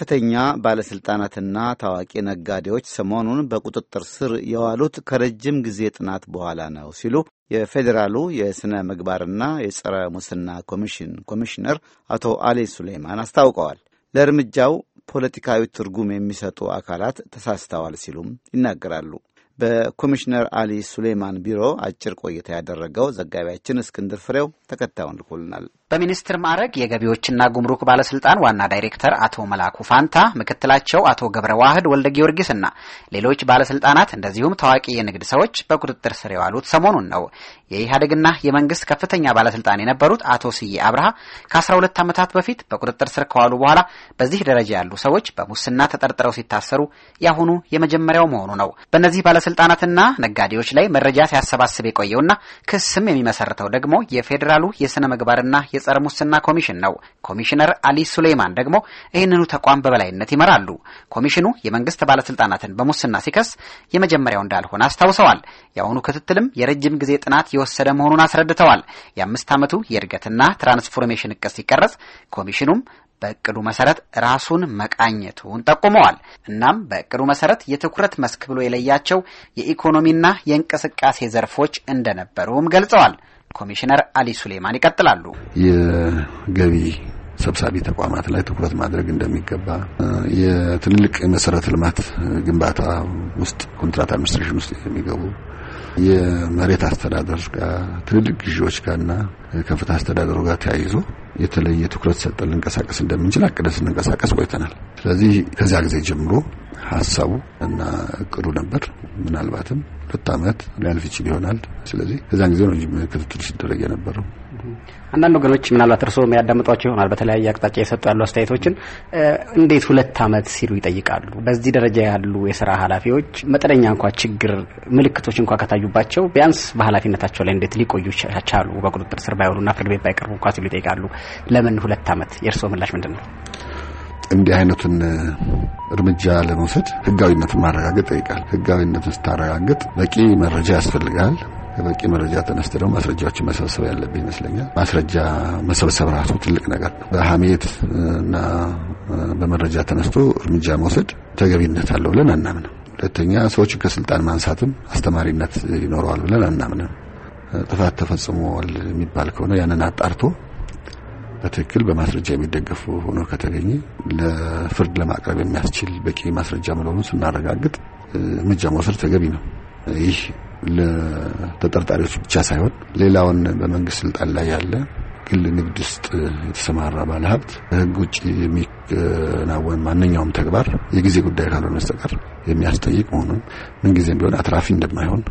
ከፍተኛ ባለሥልጣናትና ታዋቂ ነጋዴዎች ሰሞኑን በቁጥጥር ስር የዋሉት ከረጅም ጊዜ ጥናት በኋላ ነው ሲሉ የፌዴራሉ የሥነ ምግባርና የጸረ ሙስና ኮሚሽን ኮሚሽነር አቶ አሊ ሱሌይማን አስታውቀዋል። ለእርምጃው ፖለቲካዊ ትርጉም የሚሰጡ አካላት ተሳስተዋል ሲሉም ይናገራሉ። በኮሚሽነር አሊ ሱሌማን ቢሮ አጭር ቆይታ ያደረገው ዘጋቢያችን እስክንድር ፍሬው ተከታዩን ልኮልናል። በሚኒስትር ማዕረግ የገቢዎችና ጉምሩክ ባለስልጣን ዋና ዳይሬክተር አቶ መላኩ ፋንታ፣ ምክትላቸው አቶ ገብረ ዋህድ ወልደ ጊዮርጊስና ሌሎች ባለስልጣናት እንደዚሁም ታዋቂ የንግድ ሰዎች በቁጥጥር ስር የዋሉት ሰሞኑን ነው። የኢህአዴግና የመንግስት ከፍተኛ ባለስልጣን የነበሩት አቶ ስዬ አብርሃ ከ12 ዓመታት በፊት በቁጥጥር ስር ከዋሉ በኋላ በዚህ ደረጃ ያሉ ሰዎች በሙስና ተጠርጥረው ሲታሰሩ ያሁኑ የመጀመሪያው መሆኑ ነው። በእነዚህ ባለ ባለስልጣናትና ነጋዴዎች ላይ መረጃ ሲያሰባስብ የቆየውና ክስም የሚመሰርተው ደግሞ የፌዴራሉ የሥነ ምግባርና የጸረ ሙስና ኮሚሽን ነው። ኮሚሽነር አሊ ሱሌይማን ደግሞ ይህንኑ ተቋም በበላይነት ይመራሉ። ኮሚሽኑ የመንግስት ባለስልጣናትን በሙስና ሲከስ የመጀመሪያው እንዳልሆነ አስታውሰዋል። የአሁኑ ክትትልም የረጅም ጊዜ ጥናት የወሰደ መሆኑን አስረድተዋል። የአምስት ዓመቱ የእድገትና ትራንስፎርሜሽን እቅድ ሲቀረጽ ኮሚሽኑም በእቅዱ መሰረት ራሱን መቃኘቱን ጠቁመዋል። እናም በእቅዱ መሰረት የትኩረት መስክ ብሎ የለያቸው የኢኮኖሚና የእንቅስቃሴ ዘርፎች እንደነበሩም ገልጸዋል። ኮሚሽነር አሊ ሱሌማን ይቀጥላሉ። የገቢ ሰብሳቢ ተቋማት ላይ ትኩረት ማድረግ እንደሚገባ፣ የትልልቅ የመሰረተ ልማት ግንባታ ውስጥ ኮንትራት አድሚኒስትሬሽን ውስጥ የሚገቡ የመሬት አስተዳደር ጋር ትልልቅ ግዢዎች ጋርና ከፍትህ አስተዳደሩ ጋር ተያይዞ የተለየ ትኩረት ሰጠን ልንቀሳቀስ እንደምንችል አቅደን ስንንቀሳቀስ ቆይተናል። ስለዚህ ከዚያ ጊዜ ጀምሮ ሀሳቡ እና እቅዱ ነበር። ምናልባትም ሁለት ዓመት ሊያልፍ ይችል ይሆናል። ስለዚህ ከዚያን ጊዜ ነው ክትትል ሲደረግ የነበረው። አንዳንድ ወገኖች ምናልባት እርስዎ የሚያዳምጧቸው ይሆናል። በተለያየ አቅጣጫ የሰጡ ያሉ አስተያየቶችን እንዴት ሁለት ዓመት ሲሉ ይጠይቃሉ? በዚህ ደረጃ ያሉ የስራ ኃላፊዎች መጠነኛ እንኳ ችግር ምልክቶች እንኳ ከታዩባቸው ቢያንስ በኃላፊነታቸው ላይ እንዴት ሊቆዩ ቻሉ? በቁጥጥር ስር ባይሆኑና ፍርድ ቤት ባይቀርቡ እንኳ ሲሉ ይጠይቃሉ። ለምን ሁለት ዓመት? የእርስዎ ምላሽ ምንድን ነው? እንዲህ አይነቱን እርምጃ ለመውሰድ ህጋዊነትን ማረጋገጥ ይጠይቃል። ህጋዊነትን ስታረጋግጥ በቂ መረጃ ያስፈልጋል። በቂ መረጃ ተነስተ ደግሞ ማስረጃዎችን መሰብሰብ ያለብህ ይመስለኛል። ማስረጃ መሰብሰብ ራሱ ትልቅ ነገር ነው። በሀሜት እና በመረጃ ተነስቶ እርምጃ መውሰድ ተገቢነት አለው ብለን አናምንም። ሁለተኛ ሰዎችን ከስልጣን ማንሳትም አስተማሪነት ይኖረዋል ብለን አናምንም። ጥፋት ተፈጽሟል የሚባል ከሆነ ያንን አጣርቶ በትክክል በማስረጃ የሚደገፉ ሆኖ ከተገኘ ለፍርድ ለማቅረብ የሚያስችል በቂ ማስረጃ መኖሩን ስናረጋግጥ እርምጃ መውሰድ ተገቢ ነው። ይህ ለተጠርጣሪዎች ብቻ ሳይሆን ሌላውን በመንግስት ስልጣን ላይ ያለ ግል ንግድ ውስጥ የተሰማራ ባለሀብት በህግ ውጭ የሚከናወን ማንኛውም ተግባር የጊዜ ጉዳይ ካልሆነ በስተቀር የሚያስጠይቅ መሆኑን ምንጊዜም ቢሆን አትራፊ እንደማይሆን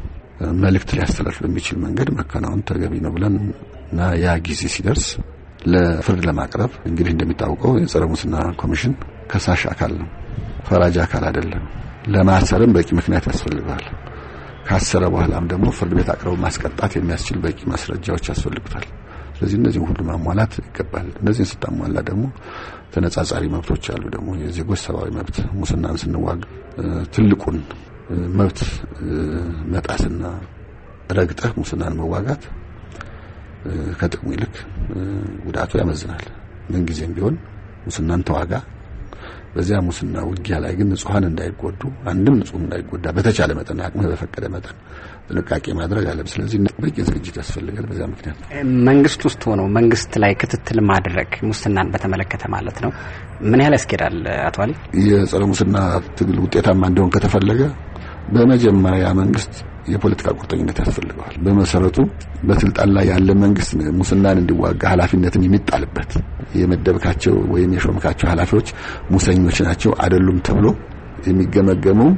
መልእክት ሊያስተላልፍ በሚችል መንገድ መከናወን ተገቢ ነው ብለን እና ያ ጊዜ ሲደርስ ለፍርድ ለማቅረብ እንግዲህ እንደሚታወቀው የጸረ ሙስና ኮሚሽን ከሳሽ አካል ነው፣ ፈራጅ አካል አይደለም። ለማሰርም በቂ ምክንያት ያስፈልገዋል። ካሰረ በኋላም ደግሞ ፍርድ ቤት አቅርቦ ማስቀጣት የሚያስችል በቂ ማስረጃዎች ያስፈልጉታል። ስለዚህ እነዚህም ሁሉ ማሟላት ይገባል። እነዚህን ስታሟላ ደግሞ ተነጻጻሪ መብቶች አሉ። ደግሞ የዜጎች ሰብአዊ መብት ሙስናን ስንዋጋ ትልቁን መብት መጣስና ረግጠህ ሙስናን መዋጋት ከጥቅሙ ይልቅ ጉዳቱ ያመዝናል። ምንጊዜም ቢሆን ሙስናን ተዋጋ። በዚያ ሙስና ውጊያ ላይ ግን ንጹሐን እንዳይጎዱ አንድም ንጹህ እንዳይጎዳ በተቻለ መጠን አቅመ በፈቀደ መጠን ጥንቃቄ ማድረግ አለም። ስለዚህ በቂ ዝግጅት ያስፈልጋል። በዚያ ምክንያት መንግስት ውስጥ ሆነው መንግስት ላይ ክትትል ማድረግ ሙስናን በተመለከተ ማለት ነው ምን ያህል ያስኬዳል? አቶ አሊ የጸረ ሙስና ትግል ውጤታማ እንዲሆን ከተፈለገ በመጀመሪያ መንግስት የፖለቲካ ቁርጠኝነት ያስፈልገዋል። በመሰረቱ በስልጣን ላይ ያለ መንግስት ሙስናን እንዲዋጋ ኃላፊነትን የሚጣልበት የመደብካቸው ወይም የሾምካቸው ኃላፊዎች ሙሰኞች ናቸው አይደሉም ተብሎ የሚገመገመው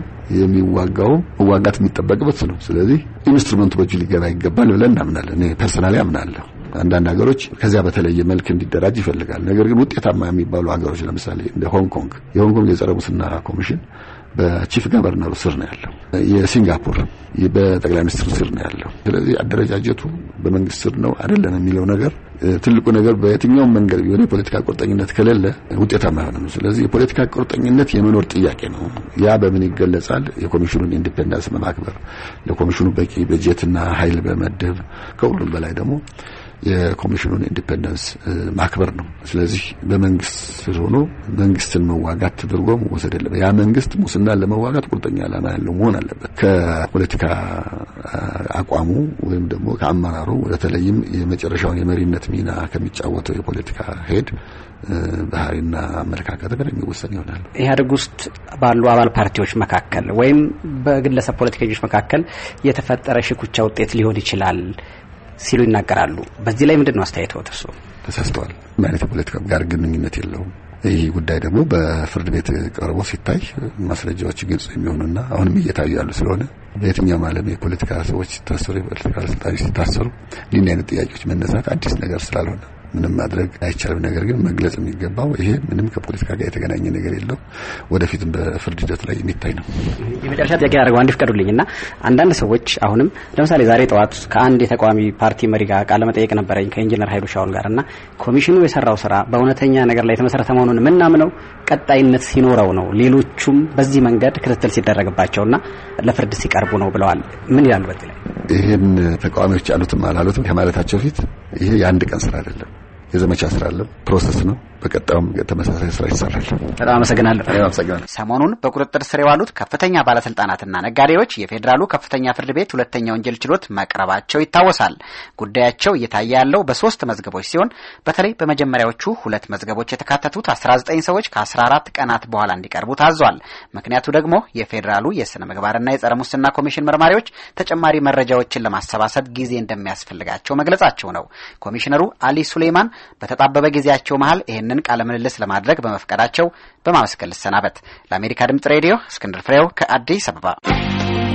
የሚዋጋው መዋጋት የሚጠበቅበት ነው። ስለዚህ ኢንስትሩመንቱ በእጁ ሊገባ ይገባል ብለን እናምናለን። እኔ ፐርሰናሊ አምናለሁ። አንዳንድ ሀገሮች ከዚያ በተለየ መልክ እንዲደራጅ ይፈልጋል። ነገር ግን ውጤታማ የሚባሉ ሀገሮች ለምሳሌ እንደ ሆንግ ኮንግ የሆንግ ኮንግ የጸረ ሙስና ኮሚሽን በቺፍ ገቨርነሩ ስር ነው ያለው። የሲንጋፖር በጠቅላይ ሚኒስትሩ ስር ነው ያለው። ስለዚህ አደረጃጀቱ በመንግስት ስር ነው አይደለም የሚለው ነገር ትልቁ ነገር በየትኛውም መንገድ ቢሆን የፖለቲካ ቁርጠኝነት ከሌለ ውጤታማ አይሆንም። ስለዚህ የፖለቲካ ቁርጠኝነት የመኖር ጥያቄ ነው። ያ በምን ይገለጻል? የኮሚሽኑን ኢንዲፔንደንስ በማክበር ለኮሚሽኑ በቂ በጀትና ኃይል በመደብ ከሁሉም በላይ ደግሞ የኮሚሽኑን ኢንዲፔንደንስ ማክበር ነው። ስለዚህ በመንግስት ስር ሆኖ መንግስትን መዋጋት ተደርጎ መወሰድ የለም። ያ መንግስት ሙስናን ለመዋጋት ቁርጠኛ ዓላማ ያለው መሆን አለበት። ከፖለቲካ አቋሙ ወይም ደግሞ ከአመራሩ በተለይም የመጨረሻውን የመሪነት ሚና ከሚጫወተው የፖለቲካ ሄድ ባህሪና አመለካከት ጋር የሚወሰን ይሆናል። ኢህአዴግ ውስጥ ባሉ አባል ፓርቲዎች መካከል ወይም በግለሰብ ፖለቲከኞች መካከል የተፈጠረ ሽኩቻ ውጤት ሊሆን ይችላል ሲሉ ይናገራሉ። በዚህ ላይ ምንድን ነው አስተያየተው? እርሱ ተሳስተዋል። ምን አይነት የፖለቲካ ጋር ግንኙነት የለውም። ይህ ጉዳይ ደግሞ በፍርድ ቤት ቀርቦ ሲታይ ማስረጃዎች ግልጽ የሚሆኑና አሁንም እየታዩ ያሉ ስለሆነ በየትኛውም ዓለም የፖለቲካ ሰዎች ሲታሰሩ፣ የፖለቲካ ባለስልጣኖች ሲታሰሩ እንዲህ አይነት ጥያቄዎች መነሳት አዲስ ነገር ስላልሆነ ምንም ማድረግ አይቻልም። ነገር ግን መግለጽ የሚገባው ይሄ ምንም ከፖለቲካ ጋር የተገናኘ ነገር የለው፣ ወደፊትም በፍርድ ሂደት ላይ የሚታይ ነው። የመጨረሻ ጥያቄ ያደርገው አንድ ፍቀዱልኝ እና አንዳንድ ሰዎች አሁንም ለምሳሌ ዛሬ ጠዋት ከአንድ የተቃዋሚ ፓርቲ መሪ ጋር ቃለ መጠየቅ ነበረኝ ከኢንጂነር ሀይሉ ሻውን ጋር እና ኮሚሽኑ የሰራው ስራ በእውነተኛ ነገር ላይ የተመሰረተ መሆኑን የምናምነው ቀጣይነት ሲኖረው ነው፣ ሌሎቹም በዚህ መንገድ ክትትል ሲደረግባቸውና ለፍርድ ሲቀርቡ ነው ብለዋል። ምን ይላሉ በዚህ ላይ? ይህን ተቃዋሚዎች ያሉትም አላሉትም ከማለታቸው ፊት ይሄ የአንድ ቀን ስራ አይደለም። የዘመቻ ስራ አለ፣ ፕሮሰስ ነው። በቀጣዩም ተመሳሳይ ስራ ይሰራል። በጣም አመሰግናለሁ። አመሰግናለሁ። ሰሞኑን በቁጥጥር ስር የዋሉት ከፍተኛ ባለስልጣናትና ነጋዴዎች የፌዴራሉ ከፍተኛ ፍርድ ቤት ሁለተኛ ወንጀል ችሎት መቅረባቸው ይታወሳል። ጉዳያቸው እየታየ ያለው በሶስት መዝገቦች ሲሆን በተለይ በመጀመሪያዎቹ ሁለት መዝገቦች የተካተቱት 19 ሰዎች ከ14 ቀናት በኋላ እንዲቀርቡ ታዟል። ምክንያቱ ደግሞ የፌዴራሉ የስነ ምግባርና የጸረ ሙስና ኮሚሽን መርማሪዎች ተጨማሪ መረጃዎችን ለማሰባሰብ ጊዜ እንደሚያስፈልጋቸው መግለጻቸው ነው። ኮሚሽነሩ አሊ ሱሌይማን በተጣበበ ጊዜያቸው መሀል ይህን ይህንን ቃለ ምልልስ ለማድረግ በመፍቀዳቸው በማመስገን ልሰናበት። ለአሜሪካ ድምጽ ሬዲዮ እስክንድር ፍሬው ከአዲስ አበባ